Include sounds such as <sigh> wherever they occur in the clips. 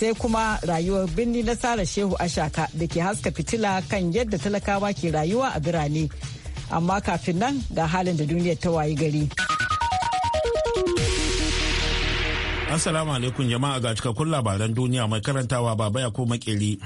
sai kuma rayuwar birni na Sara Shehu Ashaka da ke haska fitila kan yadda talakawa ke rayuwa a birane. Amma kafin nan ga halin da duniyar ta wayi gari. Assalamu alaikum jama'a ga cikakkun labaran duniya mai karantawa baba ya ko makeri.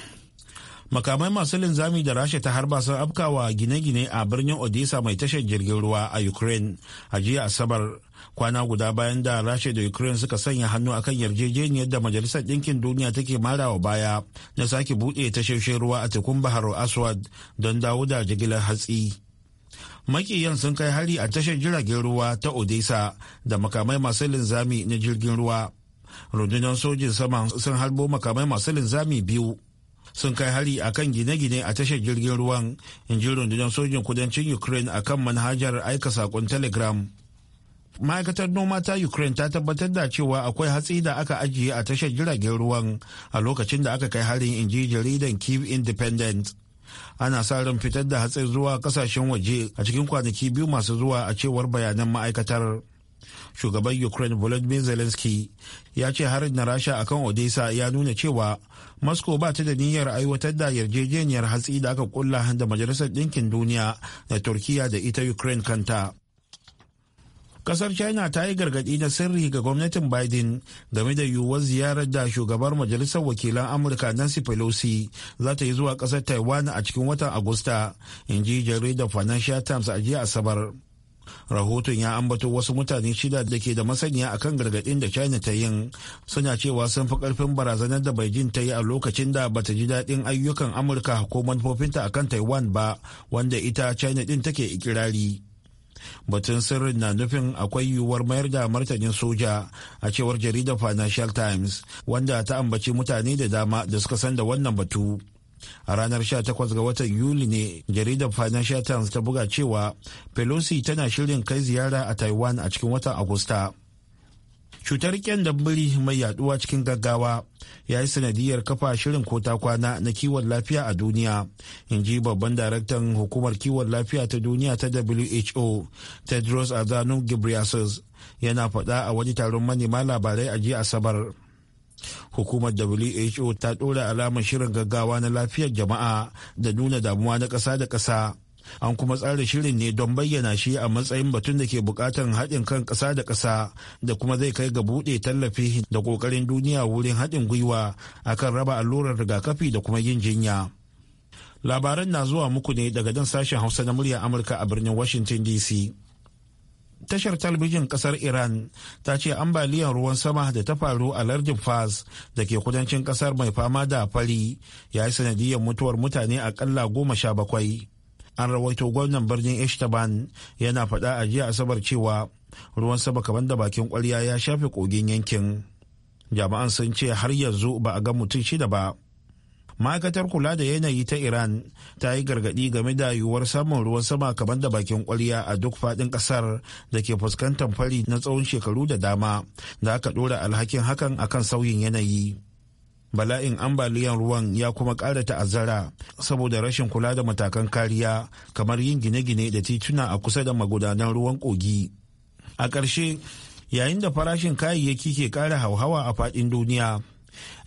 makamai masu linzami da rasha ta harba sun afkawa gine-gine a birnin odessa mai tashar jirgin ruwa a ukraine a jiya asabar kwana guda bayan da rasha da ukraine suka sanya hannu akan yarjejeniyar da majalisar ɗinkin duniya take mara wa baya na sake buɗe tashoshin ruwa a tekun bahar aswad don dawo da jigilar hatsi makiyan sun kai hari a tashar jiragen ruwa ta odessa da makamai masu linzami na jirgin ruwa rundunar sojin sama sun harbo makamai masu linzami biyu sun kai hari a kan gine-gine a tashar jirgin ruwan in ji rundunar sojin kudancin ukraine a kan manhajar aika sakon telegram ma'aikatar noma ta ukraine ta tabbatar da cewa akwai hatsi da aka ajiye a tashar jiragen ruwan a lokacin da aka kai harin in ji jaridan kiev independent ana sa ran fitar da hatsin zuwa kasashen waje a cikin kwanaki biyu masu zuwa a cewar bayanan ma'aikatar shugaban ukraine volodymyr zelensky ya ce harin na rasha akan odessa ya nuna cewa moscow ba ta da niyyar aiwatar da yarjejeniyar hatsi da aka kulla da majalisar ɗinkin duniya da turkiya da ita ukraine kanta kasar china ta yi gargaɗi na sirri ga gwamnatin biden game da yiwuwar ziyarar da shugabar majalisar wakilan amurka nancy pelosi za ta yi zuwa ƙasar taiwan a cikin watan agusta in ji jaridar financial times a jiya asabar rahoton ya ambato wasu mutane shida da ke da masaniya akan gargaɗin da china ta yin suna cewa sun fi karfin barazanar da beijing ta yi a lokacin da bata ji daɗin ayyukan amurka ko manufofinta akan taiwan ba wanda ita china ɗin take ikirari batun sirrin na nufin akwai yiwuwar mayar da martanin soja a cewar jaridar financial times wanda ta ambaci mutane da dama da suka san da wannan batu a ranar 18 ga watan yuli ne jaridar financial times ta buga cewa pelosi tana shirin kai ziyara a taiwan a cikin watan agusta cutar dambiri mai yaduwa cikin gaggawa ya yi sanadiyar kafa shirin kota kwana na kiwon lafiya a duniya in ji babban daraktan hukumar kiwon lafiya ta duniya ta who tedros adhanom ghebreyesus yana faɗa a wani taron manema labarai a jiya asabar hukumar who ta ɗora alamar shirin gaggawa na lafiyar jama'a da nuna damuwa na ƙasa da ƙasa an kuma tsara shirin ne don bayyana shi a matsayin batun da ke buƙatar haɗin kan ƙasa da ƙasa da kuma zai kai ga buɗe tallafi da ƙoƙarin duniya wurin haɗin gwiwa akan raba allurar rigakafi da kuma yin jinya labaran na zuwa muku ne daga dan sashen hausa na murya amurka a birnin washington dc tashar talabijin kasar iran ta ce ambaliyar ruwan sama da ta faru a lardin fas da ke kudancin kasar mai fama da fari ya yi sanadiyar mutuwar mutane akalla goma sha bakwai an rawaito gwamnan birnin ishtaban yana faɗa a jiya asabar cewa ruwan sama kamar da bakin kwarya ya shafe kogin yankin jami'an sun ce har yanzu ba a ga mutum shida ba ma'aikatar kula da yanayi ta iran ta yi gargadi game da yiwuwar samun ruwan sama kamar da bakin kwarya a duk fadin kasar da ke fuskantar fari na tsawon shekaru da dama da aka ɗora alhakin hakan akan sauyin yanayi bala'in ambaliyan ruwan ya kuma ƙara ta'azzara saboda rashin kula da matakan kariya kamar yin gine-gine da tituna a kusa da magudanan ruwan kogi a ƙarshe yayin da farashin kayayyaki ke ƙara hauhawa a faɗin duniya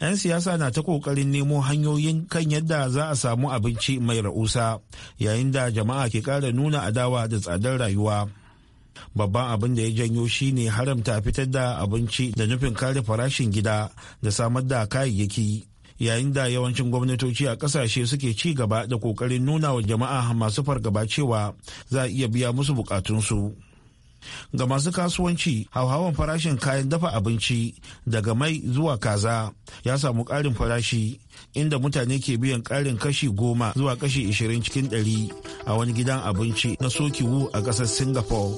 'yan siyasa na ta kokarin nemo hanyoyin kan yadda za a samu abinci mai ra'usa yayin da jama'a ke ƙara nuna adawa da tsadar rayuwa babban abin da ya janyo shine haramta fitar da abinci da nufin kare farashin gida da samar da kayayyaki yayin da yawancin gwamnatoci a kasashe suke ci gaba da kokarin nuna wa jama'a masu fargaba cewa za a iya biya musu bukatunsu. Ga masu kasuwanci, hauhawan farashin kayan dafa abinci daga mai zuwa kaza ya samu ƙarin farashi inda mutane ke biyan ƙarin kashi goma zuwa kashi ishirin cikin ɗari a wani gidan abinci na Sokiwu a ƙasar Singapore.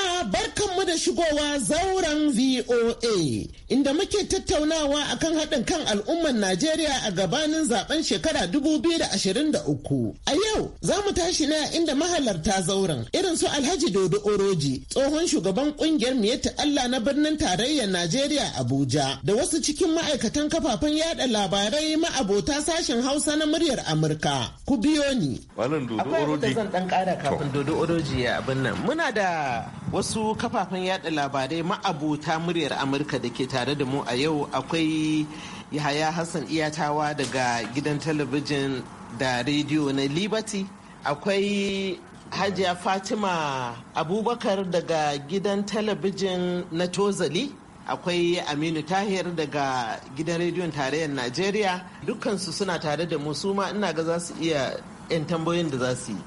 da shigowa zauren VOA inda muke tattaunawa akan haɗin kan al'ummar Najeriya a gabanin zaben shekara 2023. A yau za mu tashi na inda mahalarta zauren irin su Alhaji Dodo Oroji tsohon shugaban kungiyar Miyatta Allah na birnin tarayyar Najeriya Abuja da wasu cikin ma'aikatan kafafen yada labarai ma'abota sashen Hausa na muryar Amurka. Ku biyo ni. Malam Dodo Oroji. Akwai zan ɗan ƙara kafin Dodo Oroji ya abin nan. Muna da wasu kafafen kafafen yada labarai ma'abota muryar amurka da ke tare da mu a yau akwai yahaya hassan iyatawa daga gidan talabijin da rediyo na liberty akwai hajiya fatima abubakar daga gidan talabijin na tozali akwai aminu tahir daga gidan rediyon tarayyar najeriya dukkansu suna tare da mu suma ina ga za su iya yan tambayoyin da za su yi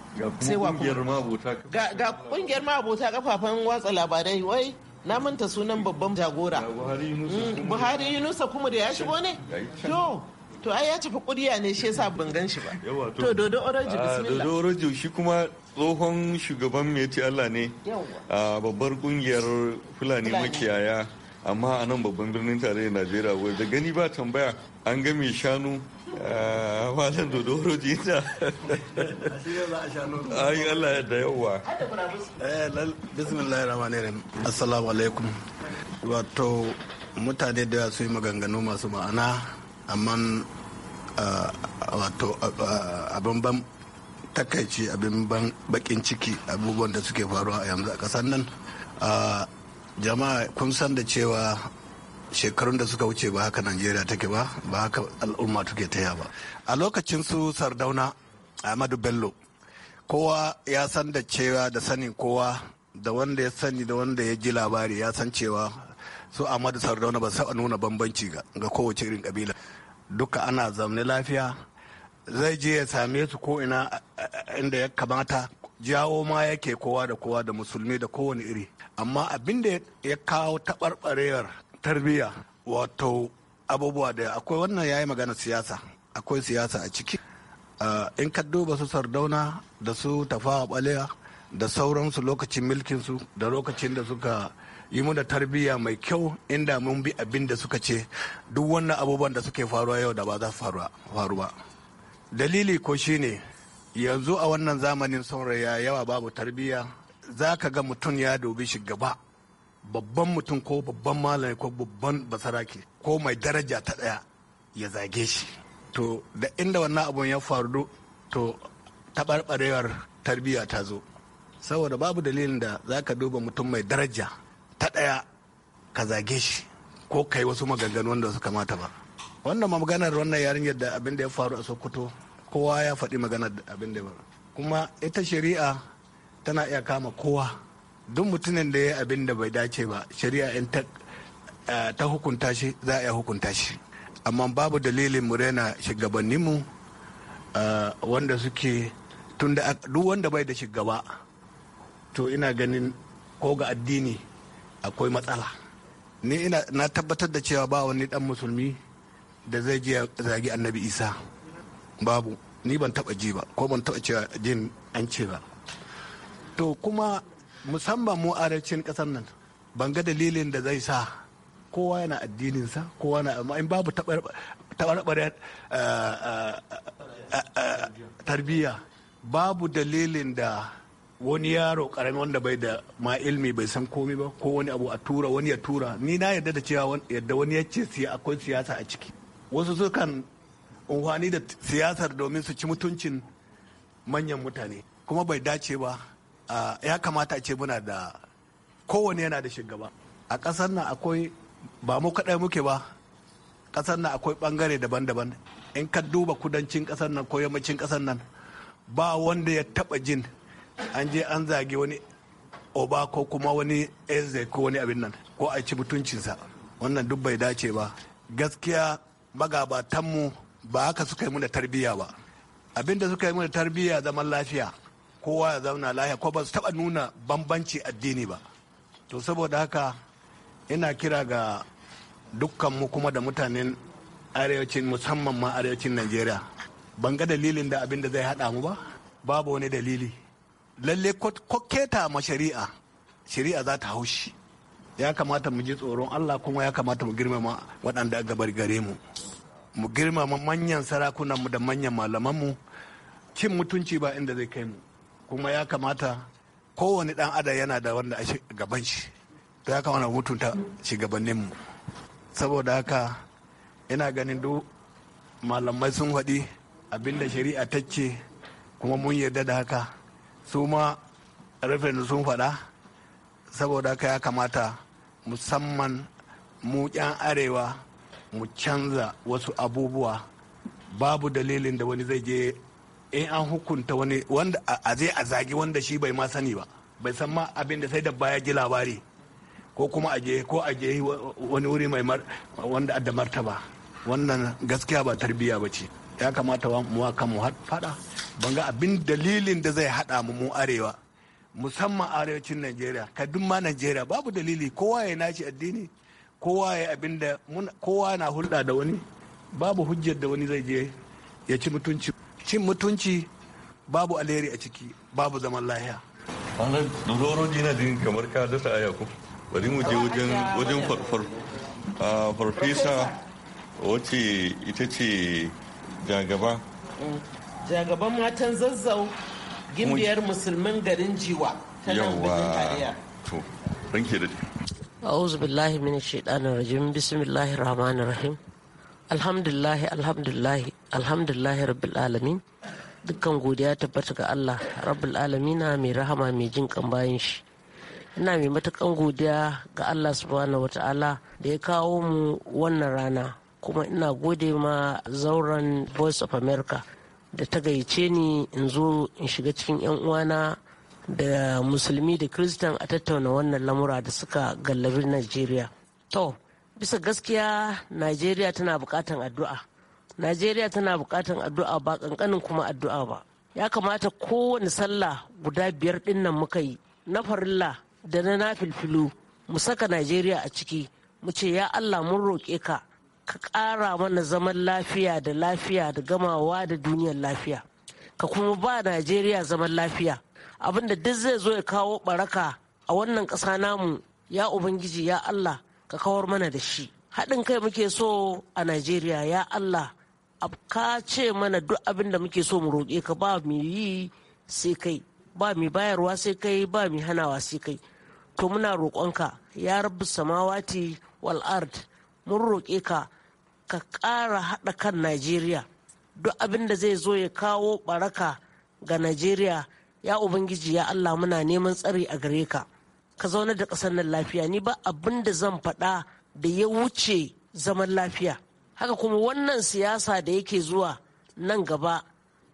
sai wa ga kungiyar ma'abota kafafen watsa labarai wai na manta sunan babban jagora buhari yunusa mm, kuma da ya shigo ne to to ai ya tafi kuriya ne shi yasa ban gan shi ba to dodo oroji ah, bismillah dodo oroji shi kuma tsohon shugaban mai Allah ne ah, babbar kungiyar fulani makiyaya amma a nan babban birnin tarayyar najeriya wai da gani ba tambaya an ga mai shanu eh, malam dodo roji ta ayi allah da yawa eh, bismillahir rahmanir assalamu alaikum wato mutane da su yi maganganu masu ma'ana amma eh, wato abin ban takaici abin ban bakin ciki abubuwan da suke faruwa a yanzu a kasan nan jama'a kun san da cewa shekarun da suka wuce ba haka najeriya take ba ba haka al'umma take taya ba a lokacin su sardauna Amadu bello kowa ya san da cewa da sanin kowa da wanda ya sani da wanda ya ji labari ya san cewa su ahmadu sardauna ba saba nuna bambanci ga kowace irin kabila duka ana zaune lafiya zai je ya same su ko ina inda ya kamata jawo ma yake kowa da kowa da musulmi da kowane iri amma abin da ya kawo taɓarɓarewar tarbiyya wato abubuwa da akwai wannan yayi magana siyasa akwai siyasa a ciki eh, in ka duba su sardauna da su tafawa balewa da sauransu lokacin mulkinsu da lokacin da suka yi muna tarbiyya mai kyau inda mun bi abin da suka ce duk wannan abubuwan da suke faruwa yau da ba za su faru ba dalili ko shine yanzu a wannan zamanin sauraya yawa babu tarbiyya za ka ga mutum ya dobe shi gaba babban mutum ko babban malami ko babban basarake ko mai daraja ta daya ya zage shi to da inda wannan abun ya faru to taɓarɓarewar tarbiyya ta zo saboda babu dalilin da za ka duba mutum mai daraja ta ɗaya ka zage shi ko ka yi wasu maganganu wanda su kamata ba wannan maganar wannan yarinyar da abin da ya faru a sokoto kowa ya faɗi maganar abin da ya faru kuma ita shari'a tana iya kama kowa duk mutumin da ya yi abin da bai dace ba shari'a in ta eh, hukunta shi za a iya hukunta shi amma babu dalilin mu rena shugabanninmu eh, wanda suke tunda duk wanda bai da shugaba to ina ganin ko ga addini akwai matsala ni ina na tabbatar da cewa ba wani dan musulmi da zai je zagi annabi isa babu ni ban taba ji ba ko ban taba cewa jin an ce ba to kuma musamman mu arancin kasar nan ban ga dalilin da zai sa kowa yana addininsa kowa na amma in babu taɓarɓare eh, eh, eh, tarbiyya babu dalilin da wani yaro karami wanda bai da ma ilmi bai san komi ba ko wani abu a tura wani ya tura ni na yarda da cewa yadda wani ya ce akwai siyasa a ciki wasu kan unhwani da siyasar domin su ci mutuncin manyan mutane kuma bai dace ba Ah, ya kamata a ce muna da kowane yana da shugaba a ƙasar nan akwai ba mu kaɗai muke ba ƙasar nan akwai ɓangare daban-daban in ka duba kudancin ƙasar nan ko yammacin ƙasar nan ba wanda ya taɓa jin an je an zage wani oba ko kuma wani eze ko wani abin nan ko a ci mutuncinsa wannan duk bai dace ba gaskiya magabatanmu ba haka suka yi mu da tarbiyya ba abinda suka yi mu da tarbiyya zaman lafiya kowa ya zauna lahiya ko ba su taɓa nuna bambanci addini ba to saboda haka ina kira ga dukkanmu kuma da mutanen arewacin musamman ma arewacin najeriya ban ga dalilin da abin da zai haɗa mu ba babu wani dalili lalle ko keta ma shari'a shari'a za ta haushi ya kamata mu ji tsoron allah kuma ya kamata mu girmama waɗanda gabar gare mu mu girmama manyan sarakunanmu da manyan malamanmu cin mutunci ba inda zai kai mu kuma ya kamata kowane dan adam yana da wanda a gaban shi to ya kamata mutunta mu saboda haka ina ganin duk malamai sun faɗi abinda shari'a ta ce kuma mun yarda da haka su ma rufin sun faɗa saboda haka ya kamata musamman mu yan arewa mu canza wasu abubuwa babu dalilin da wani zai je in an hukunta wani wanda a zai a zagi wanda shi bai ma sani ba bai san ma abin da sai da baya ji labari ko kuma a je ko a je wani wuri mai wanda adda martaba wannan gaskiya ba tarbiyya ba ce ya kamata mu kan mu fada ban ga abin dalilin da zai hada mu mu arewa musamman arewacin najeriya ka duk ma najeriya babu dalili kowa ya naci addini kowa ya abin da kowa na hulɗa da wani babu hujjar da wani zai je ya ci mutunci cin mutunci babu alheri a ciki babu zaman lahiya wannan dodoro jina din kamar ka dasa aya ko bari mu je wajen wajen farfar farfesa wacce ita ce jagaba jagaban matan zazzau gimbiyar musulmin garin jiwa ta nan birnin tarayya to rinke da أعوذ A'uzu billahi min الرجيم rajim, bismillahir rahmanir rahim. alhamdulillahi alhamdulillahi alhamdulillahi rabbil alamin dukkan godiya tabbata ga allah rabbil na mai rahama mai jin kan bayan shi ina mai matakan godiya ga allah subhanahu wata'ala da ya kawo mu wannan rana kuma ina gode ma zauren voice of america da ta gayyace ni in zo in shiga cikin 'yan uwana da musulmi da kristan a tattauna wannan lamura da suka gallabi najeriya to bisa gaskiya najeriya tana bukatan addu'a najeriya tana bukatan addu'a ba kankanin kuma addu'a ba ya kamata kowane sallah guda biyar dinnan muka yi na farilla da na nafilfilu mu saka najeriya a ciki mu ce ya allah mun roƙe ka ka ƙara mana zaman lafiya da lafiya da gamawa da duniyar lafiya ka kuma ba najeriya zaman lafiya abinda duk zai zo ya kawo baraka a wannan ƙasa namu ya ubangiji ya allah ka kawar mana da shi haɗin kai muke so a najeriya ya allah ka ce mana duk abin da muke so mu roƙe ka ba mu yi sai kai ba mu bayarwa sai kai ba mu hanawa sai kai to muna roƙonka ya rabu samawati wal ard mun roƙe ka ka ƙara haɗa kan najeriya duk abin da zai zo ya kawo ɓaraka ga najeriya ya ubangiji ya allah muna neman tsari a gare ka ka zauna da ƙasar nan lafiya ni ba abin da zan faɗa da ya wuce zaman lafiya haka kuma wannan siyasa da yake zuwa nan gaba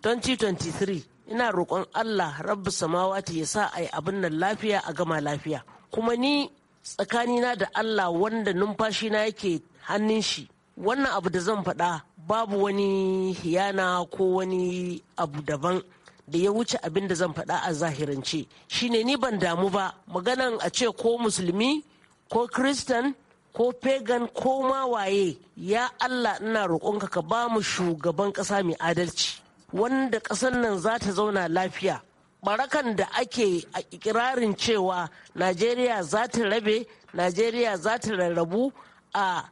2023 ina roƙon allah samawa samawati ya sa a yi abin nan lafiya a gama lafiya kuma ni tsakanina da allah wanda numfashina yake hannun shi wannan abu da zan faɗa babu wani hiyana ko wani abu daban da ya wuce abin da zan faɗa a zahirance shine ni ban damu ba maganan a ce ko musulmi ko kristan ko pagan ko ma waye ya allah ina roƙonka ka ba mu shugaban ƙasa mai adalci wanda ƙasar nan za ta zauna lafiya barakan da ake a ikirarin cewa najeriya za ta rabe najeriya za ta rarrabu a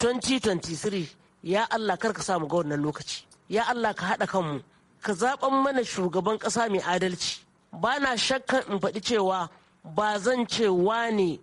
2023 ya allah karka samu ga wannan lokaci ya allah ka haɗa kanmu ka zaɓan mana shugaban ƙasa mai adalci ba na shakkan in faɗi cewa ba zan ce wane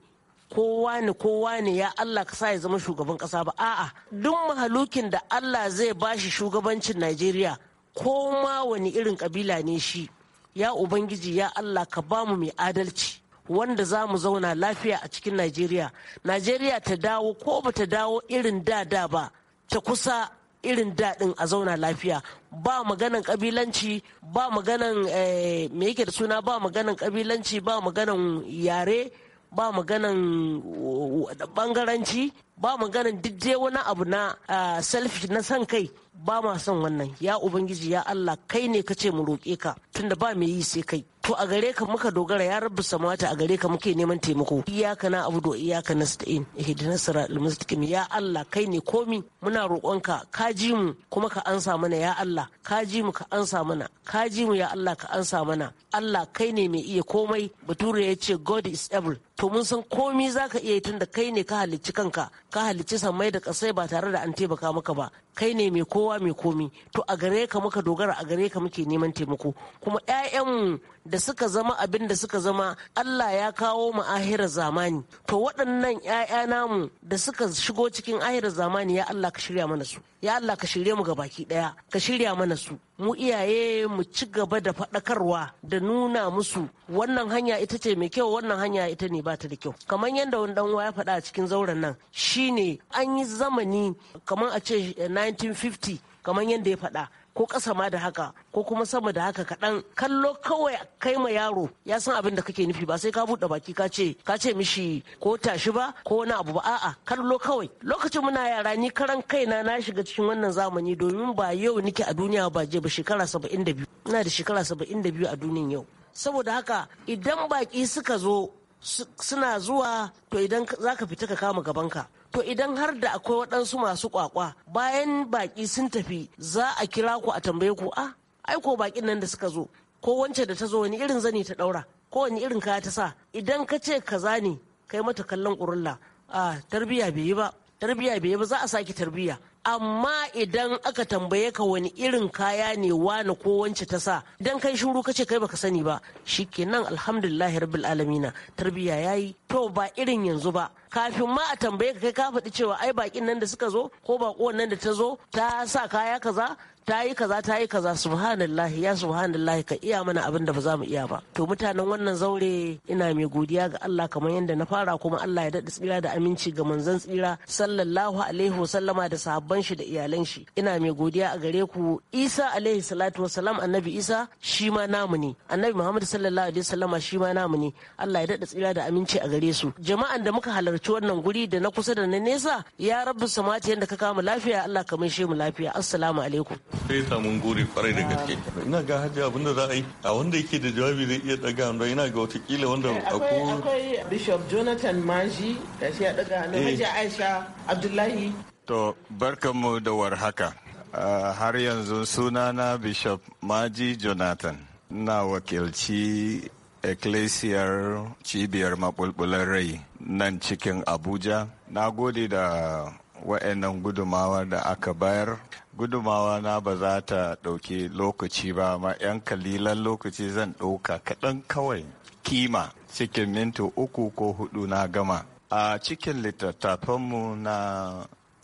kowa ne kowa ne ya Allah ka sa ya zama shugaban kasa ba a'a duk mahalukin da Allah zai bashi shugabancin Najeriya ko ma wani irin kabila ne shi ya ubangiji ya Allah ka ba mu mai adalci wanda za mu zauna lafiya a cikin Najeriya Najeriya ta dawo ko ba ta dawo irin da da ba ta kusa irin daɗin a zauna lafiya ba maganan kabilanci ba maganan eh, me yake da suna ba maganan kabilanci ba maganan yare ba maganan bangaranci ba maganan dai wani abu na selfish na san kai ba ma son wannan ya ubangiji ya allah kai ne ka ce mu roƙe ka tunda ba me yi sai kai to a gare ka muka dogara ya rabu samata a gare ka muke neman taimako iyaka na abudu iyaka nasta'in da nasara ya Allah kai ne komi muna roƙonka ka ji mu kuma ka ansa mana ya Allah ka ji mu ka ansa mana ka ji mu ya Allah ka ansa mana Allah kai ne mai iya komai bature ya ce god is able to mun san komi zaka iya yi tunda kai ne ka halicci kanka ka halicci samai da kasai ba tare da an taimaka maka ba kai ne mai kowa mai komi to a gare ka muka dogara a gare ka muke neman taimako kuma 'ya'yanmu da suka zama abin da suka zama Allah ya kawo mu ahira zamani to waɗannan 'ya'ya namu da suka shigo cikin ahira zamani ya Allah ka shirya mana su ya Allah ka shirye mu baki ɗaya ka shirya mana su mu iyaye mu ci gaba da faɗakarwa da nuna musu wannan hanya ita ce mai kyau wannan hanya ita ne ba ta da kyau kamar yadda wani dan ya faɗa a cikin zauren nan shine an yi zamani kamar a ce 1950 kamar yadda ya faɗa ko ƙasa ma da haka ko kuma sama da haka kaɗan kallo kawai kai ma yaro ya san abin da kake nufi ba sai ka buɗe baki ka ce ka ce mishi ko tashi ba ko wani abu ba a'a kallo kawai lokacin muna yara ni karan kaina na shiga cikin wannan zamani domin ba yau nike a duniya ba je ba shekara saba'in da biyu ina da shekara saba'in da biyu a duniyan yau saboda haka idan baki suka zo suna zuwa to idan zaka fita ka kama gaban ka. to idan har da akwai waɗansu masu kwakwa bayan baƙi sun tafi za a kira ku a tambaye ku a ah, aiko baƙin nan da suka zo ko wancan da ta zo wani irin zani ta ɗaura ko wani irin kaya ta sa idan ka ce kaza ne kai mata kallon ƙurulla a ah, tarbiyya bai yi ba Tarbiya bai ba za a sake tarbiya amma idan aka tambaye ka wani irin kaya ne wani ko wance ta sa idan kai shuru kace kai baka sani ba shikenan alhamdulillahi rabbil alamina tarbiyya yayi to ba irin yanzu ba kafin ma a tambaye ka kai ka faɗi cewa ai bakin nan da suka zo ko baƙo nan da ta zo ta sa kaya kaza ta yi kaza ta yi kaza subhanallahi ya subhanallahi ka iya mana abin da ba za mu iya ba to mutanen wannan zaure ina mai godiya ga Allah kamar yadda na fara kuma Allah ya daɗa tsira da aminci ga manzon tsira sallallahu alaihi wasallama da sahabban shi da iyalan shi ina mai godiya a gare ku Isa alaihi salatu wasallam annabi Isa shi ma namu ne annabi Muhammad sallallahu alaihi wasallama shi ma namu ne Allah ya daɗa tsira da aminci a gare su jama'an da muka halarci wannan guri da na kusa da na nesa ya rabbi samati yadda ka kama lafiya Allah ka shi mu lafiya assalamu alaikum sai samun gori kwarai da gaske ina ga hajji abin da za a yi a wanda yake da jawabi zai iya daga hannu ina ga watakila wanda eh, akwai bishop jonathan maji da shi ya daga hannu eh. hajji aisha abdullahi to barkanmu da haka. Ah, har yanzu sunana bishop maji jonathan na wakilci ecclesiar cibiyar maɓulɓular rai nan cikin abuja na gode da wa'annan gudumawar da aka bayar gudumawa na ba za ta ɗauki lokaci ba ma 'yan kalilan lokaci zan ɗauka kaɗan kawai kima cikin minti uku ko hudu na gama a cikin littattafanmu na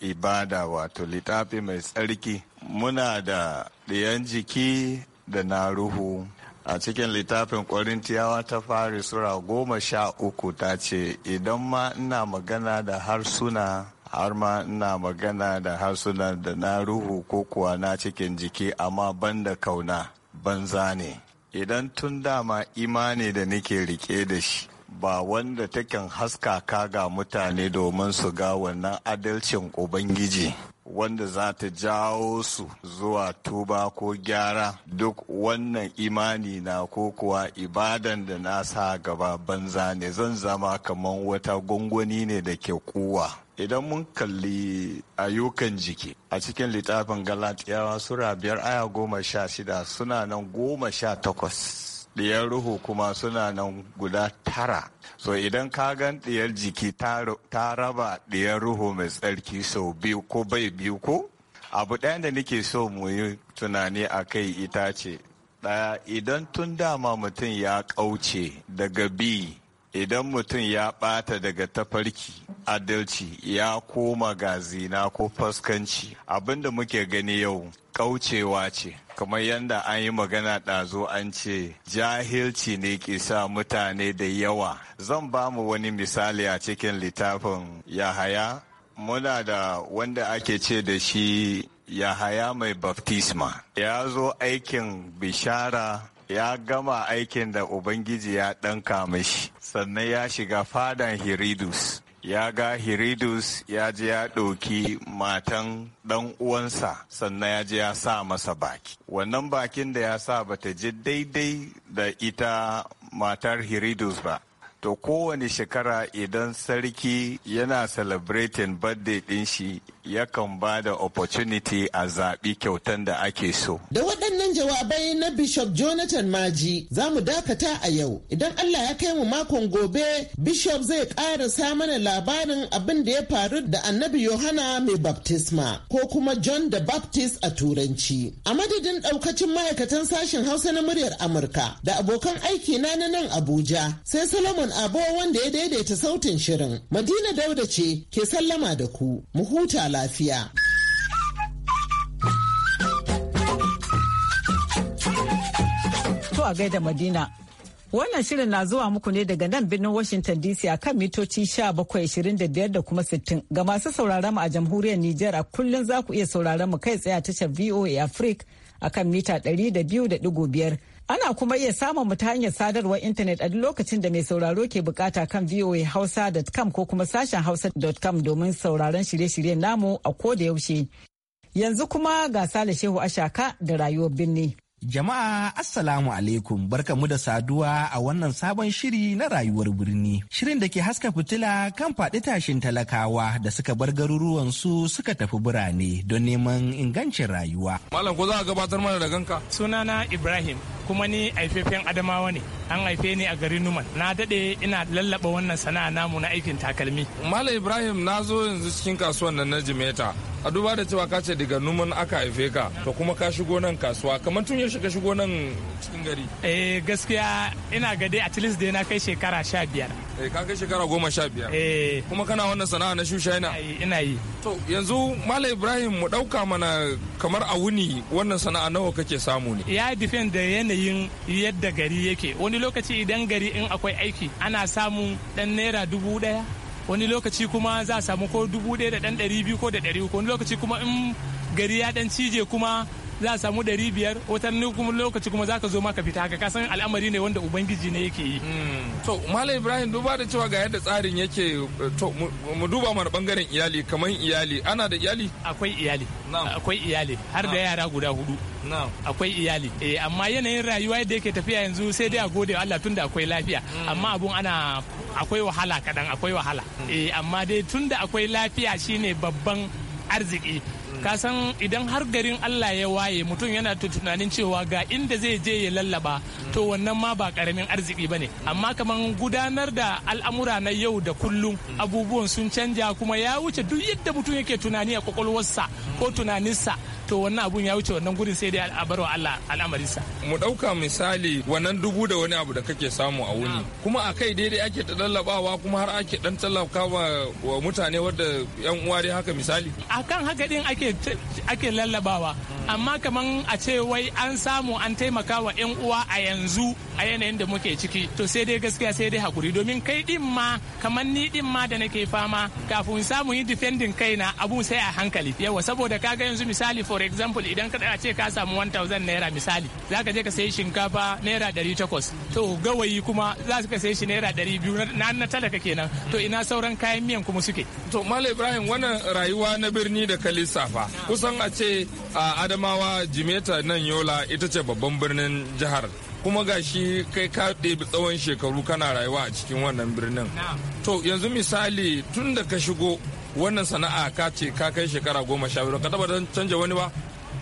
ibada wato littafi mai tsarki muna da ɗiyan jiki da na ruhu a cikin littafin ƙwarintiyawa ta fari sura goma sha uku ta ce idan ma ina magana da harsuna har ma ina magana da harsunan da na ruhu ko kuwa na cikin jiki amma ban da kauna banza ne idan tun dama imani da nake rike da shi ba wanda taken haskaka ga mutane domin su ga wannan adalcin ubangiji wanda za ta jawo su zuwa tuba ko gyara duk wannan imani na ko kuwa ibadan da na sa gaba banza ne zan zama kamar wata gungwani ne da ke kuwa idan mun kalli ayyukan jiki a cikin littafin galatiyawa sura biyar aya goma sha shida suna nan goma sha takwas ɗiyar ruhu kuma suna nan guda tara so idan ka gan ɗiyar jiki ta raba ɗiyar ruhu mai tsarki sau biyu ko bai biyu ko abu ɗaya da nake so mu yi tunani a kai ita ce ɗaya idan tun dama mutum ya ƙauce daga bi idan mutum ya ɓata daga tafarki adalci ya koma ga zina ko fuskanci abinda muke gani yau kaucewa ce kamar yadda an yi magana ɗazu an ce jahilci ne ke sa mutane da yawa zan ba mu wani misali a cikin littafin yahaya muna da wanda ake ce da shi yahaya mai baftisma ya zo aikin bishara ya gama aikin da ubangiji ya ɗanka mashi sannan ya shiga fadan Hiridus. ya ga Hiridus ya ji ya ɗauki matan ɗan uwansa sannan ya ji ya sa masa baki. Wannan bakin da ya sa bata ji daidai da ita matar Hiridus ba. To kowane shekara idan sarki yana celebrating birthday ɗin shi yakan ba da opportunity a zaɓi kyautan da ake so. Da waɗannan jawabai na Bishop Jonathan Maji za mu dakata a yau. Idan Allah ya kai mu makon gobe, Bishop zai ƙara samun labarin abin da ya faru da annabi Yohana mai baptisma ko kuma John the Baptist a Turanci. A madadin ɗaukacin ma'aikatan sashen Hausa na muryar Amurka da abokan aiki na na nan Abuja sai Solomon Abo wanda ya daidaita sautin shirin. Madina Dauda ce ke sallama da ku. Mu huta lafiya. To a gaida Madina. Wannan shirin na zuwa muku ne daga nan birnin Washington DC a kan mitoci 1725 da kuma 60 ga masu sauraron mu a jamhuriyar Nijar a kullum za ku iya sauraron mu kai tsaye a tashar VOA Africa a kan mita 200.5 Ana kuma iya samun mu ta hanyar sadarwar intanet a duk lokacin da mai sauraro ke bukata kan voahausa.com ko kuma sashen hausa.com domin sauraron shirye-shiryen namu a ko da yaushe. Yanzu kuma ga Sale Shehu Ashaka da rayuwar birni. Jama'a Assalamu alaikum barkamu da saduwa a wannan sabon shiri na rayuwar birni. Shirin da ke haska fitila kan faɗi tashin talakawa da suka bar garuruwansu suka tafi birane don neman ingancin rayuwa. Malam ko za a gabatar mana da ganka? Sunana Ibrahim kuma ni aifefen adamawa ne an haife ni a garin numan na daɗe ina lallaba wannan sana'a namu na aikin takalmi malam ibrahim na zo yanzu cikin kasuwan nan na jimeta a duba da cewa ka ce daga numan aka haife ka to kuma ka shigo nan kasuwa kamar tun yaushe ka shigo nan cikin gari eh gaskiya ina ga dai at least dai na kai shekara sha biyar eh ka kai shekara goma sha biyar eh kuma kana wannan sana'a na shusha ina ina yi to yanzu malam ibrahim mu dauka mana kamar a wuni wannan sana'a nawa kake samu ne ya defend da yanayin yadda gari yake wani lokaci idan gari in akwai aiki ana samun dan naira dubu daya wani lokaci kuma za a samu ko dubu ɗaya da ɗan ɗari biyu ko da ɗari uku wani lokaci kuma in gari ya ɗan cije kuma za a samu ɗari biyar wata kuma lokaci kuma za ka zo maka fita haka kasan al'amari ne wanda ubangiji ne yake yi. Hmm. to malam ibrahim duba da cewa ga yadda tsarin yake to mu duba mana bangaren iyali kamar iyali ana da iyali. akwai iyali akwai iyali har da yara guda hudu. akwai iyali eh amma yanayin rayuwa yadda yake tafiya yanzu sai dai a gode Allah tunda akwai lafiya hmm. amma abun ana akwai wahala kadan akwai wahala hmm. eh amma dai tunda akwai lafiya shine babban arziki ka san idan har garin Allah ya waye mutum yana tunanin cewa ga inda zai je ya lallaba to wannan ma ba karamin arziki ba ne amma kaman gudanar da al'amura na yau da kullum abubuwan sun canja kuma ya wuce duk yadda mutum yake tunani a kwakwalwarsa ko tunaninsa to wannan abun ya wuce wannan gudun sai dai a bar wa Allah al'amarinsa mu ɗauka misali wannan dubu da wani abu da kake samu a wuni kuma a kai daidai ake ta lallabawa kuma har ake dan tallafa wa mutane wadda yan uwa dai haka misali akan haka ɗin ake lallabawa amma kaman a ce wai an samu an taimaka wa 'yan uwa a yanzu a yanayin da muke ciki to sai dai gaskiya sai dai hakuri domin kai din ma kamar ni din ma da nake fama kafin samu yi defending kaina abu sai a hankali yawa saboda kaga yanzu misali for example idan ka ce ka samu 1000 naira misali zaka je ka sayi shinkafa naira 800 to gawayi kuma za ka sayi shi naira 200 na na talaka kenan to ina sauran kayan miyan kuma suke to malam ibrahim wannan rayuwa na birni da kalisafa kusan a ce a adamawa jimeta nan yola ita ce babban birnin jihar kuma gashi kai ka ɗebi tsawon shekaru kana rayuwa a cikin wannan birnin to yanzu misali tun da ka shigo wannan sana'a ka ce ka kai shekara goma sha biyu ka taba dan canja wani ba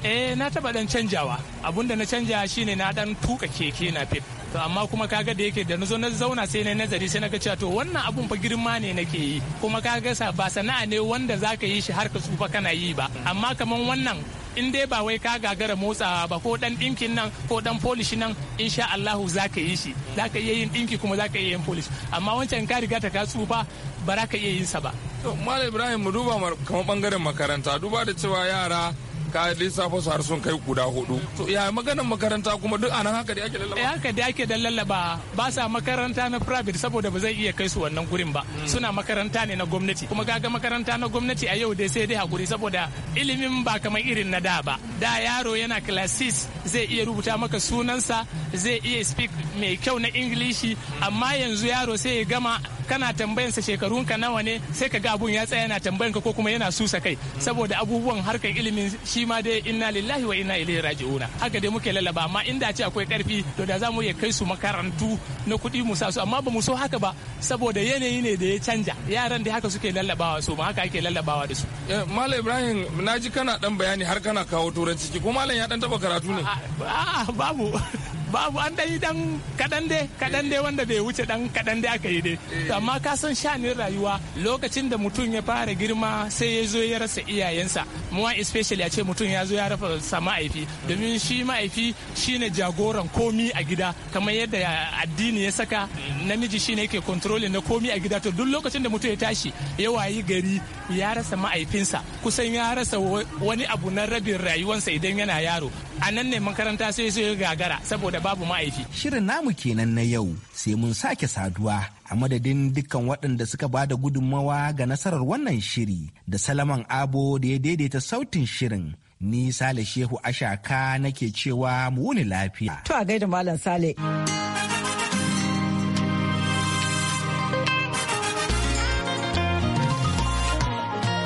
eh na taba dan canjawa abun da na canja shine na dan tuka keke na fit to amma kuma kaga da yake da nazo na zauna sai na nazari sai na ga cewa to wannan abun fa girma ne nake yi kuma kaga sa ba sana'a ne wanda zaka yi shi har ka tsufa kana yi ba amma kaman wannan in dai ba wai ka gagara motsawa ba ko dan dinkin nan ko dan polish nan insha Allah za ka yi shi za ka iya yin dinki kuma za ka iya yin polish amma wancan ka riga ta ka tsufa ba za ka iya yin sa ba to malam ibrahim mu duba kamar bangaren makaranta duba da cewa yara ka fa su har sun kai guda hudu to ya maganan makaranta kuma duk anan haka da ake lallaba eh haka da ake lallaba ba sa makaranta na private saboda ba zai iya kai su wannan gurin ba hmm. suna makaranta ne na gwamnati kuma kaga makaranta na gwamnati a yau dai sai dai hakuri saboda ilimin ba kamar irin na da ba da yaro yana classes zai iya rubuta maka sunansa zai iya speak mai kyau na ingilishi amma yanzu yaro sai ya gama kana tambayan sa shekarun ka nawa ne sai ka ga abun ya tsaya yana tambayan ka ko kuma yana susa kai saboda abubuwan harkar ilimin shi ma dai inna lillahi wa inna ilaihi raji'una haka dai muke lalaba amma inda ce akwai karfi to da zamu mu iya kai su makarantu na kuɗi mu sa su amma ba mu so haka ba saboda yanayi ne da ya canja yaran da haka suke lallabawa su ma haka ake lallabawa da su eh, malam ibrahim naji kana dan bayani har kana kawo turanci ko malam ya dan taba karatu ne a'a babu <laughs> babu an dai dan kadan dai kadan dai wanda bai wuce dan kadan dai aka yi dai eh. amma ka san shanin rayuwa lokacin da mutum ya fara girma sai ya zo ya rasa iyayensa muwa especially a ce mutum ya zo ya rafa sa ma'aifi domin shi ma'aifi shine jagoran komi a gida kamar yadda addini ya saka namiji shine yake controlling na komi a gida to duk lokacin da mutum ya tashi ya wayi gari ya rasa ma'aifinsa kusan ya rasa wani abu na rabin rayuwarsa idan yana yaro a nan ne makaranta sai sai gagara saboda babu ma'aifi. Shirin namu kenan na yau sai mun sake saduwa a madadin dukkan waɗanda suka ba da gudunmawa ga nasarar wannan shiri da Salaman Abo da ya daidaita sautin shirin. Ni Sale Shehu Ashaka nake cewa mu wuni lafiya. To a gaida Malam Sale.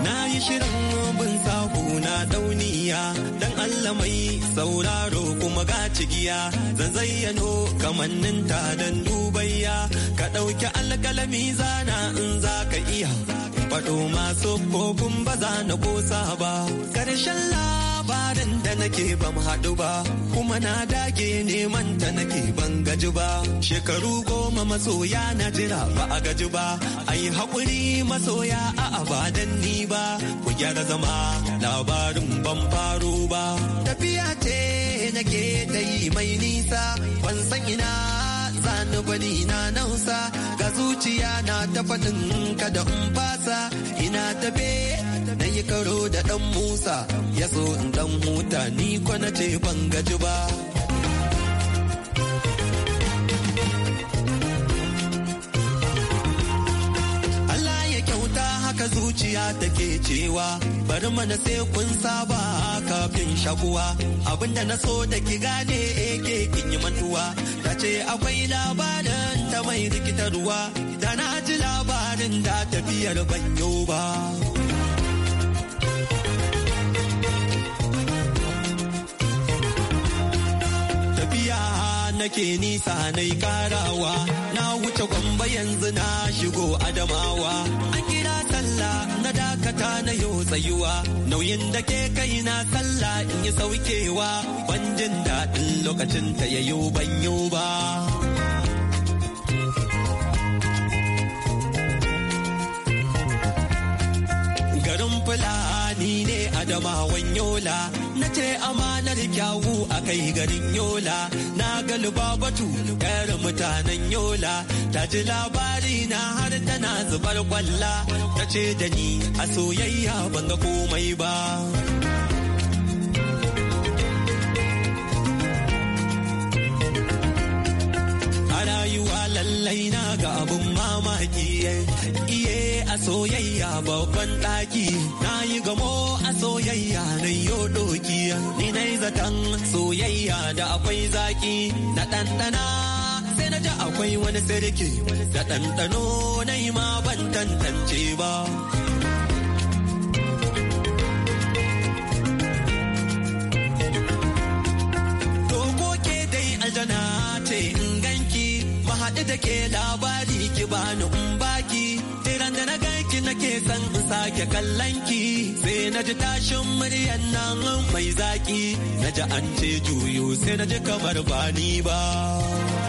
Na yi shirin bin sako na dauniya don Allah mai saurara. cigiya zan zayyano kamannin ta dan dubayya ka ɗauki alƙalami zana in za ka iya faɗo masu kogun ba za na kosa ba ƙarshen labarin da nake ban haɗu ba kuma na dage neman ta nake ban gaji ba shekaru goma masoya na jira ba a gaji ba yi haƙuri masoya a abadan ni ba ku gyara zama labarin ban faro ba tafiya ce nake ta yi mai nisa ban san ina zani bani na nausa ga zuciya na ta faɗin kada in fasa ina tafe na yi karo da ɗan musa ya so in ɗan huta ni na ce ban gaji ba. haka zuciya take cewa bari mana sai kun saba kafin shakuwa abinda na so da ki gane eke eh, kin yi mantuwa ta ce akwai labarin ta mai rikitarwa da na ji labarin da tafiyar banyo ba. tafiya nake nisa na karawa na wuce gwamba yanzu na shigo adamawa na dakata na yau tsayuwa nauyin da ke kai na sallah in yi saukewa ban daɗin lokacin ta yayo ban yau ba. Garin Fulani ne Adamawan Yola amanar kyawu a kai garin yola na galiba batu yar mutanen yola ta ji labari na har tana zubar kwalla ta ce da ni a soyayya ban ga komai ba lallai na ga abun baki iye a soyayya babban daki na yi gamo a soyayya na yo doki ni na zaton soyayya da akwai zaki na ɗanɗana sai na ji akwai wani sarki da ɗanɗano na yi ma ban tantance ba haɗu da ke labari ki bani in baki tiran da na ganki nake san in sake kallon ki sai na ji tashin muryan nan mai zaki na ji an ce juyo sai na ji kamar bani ba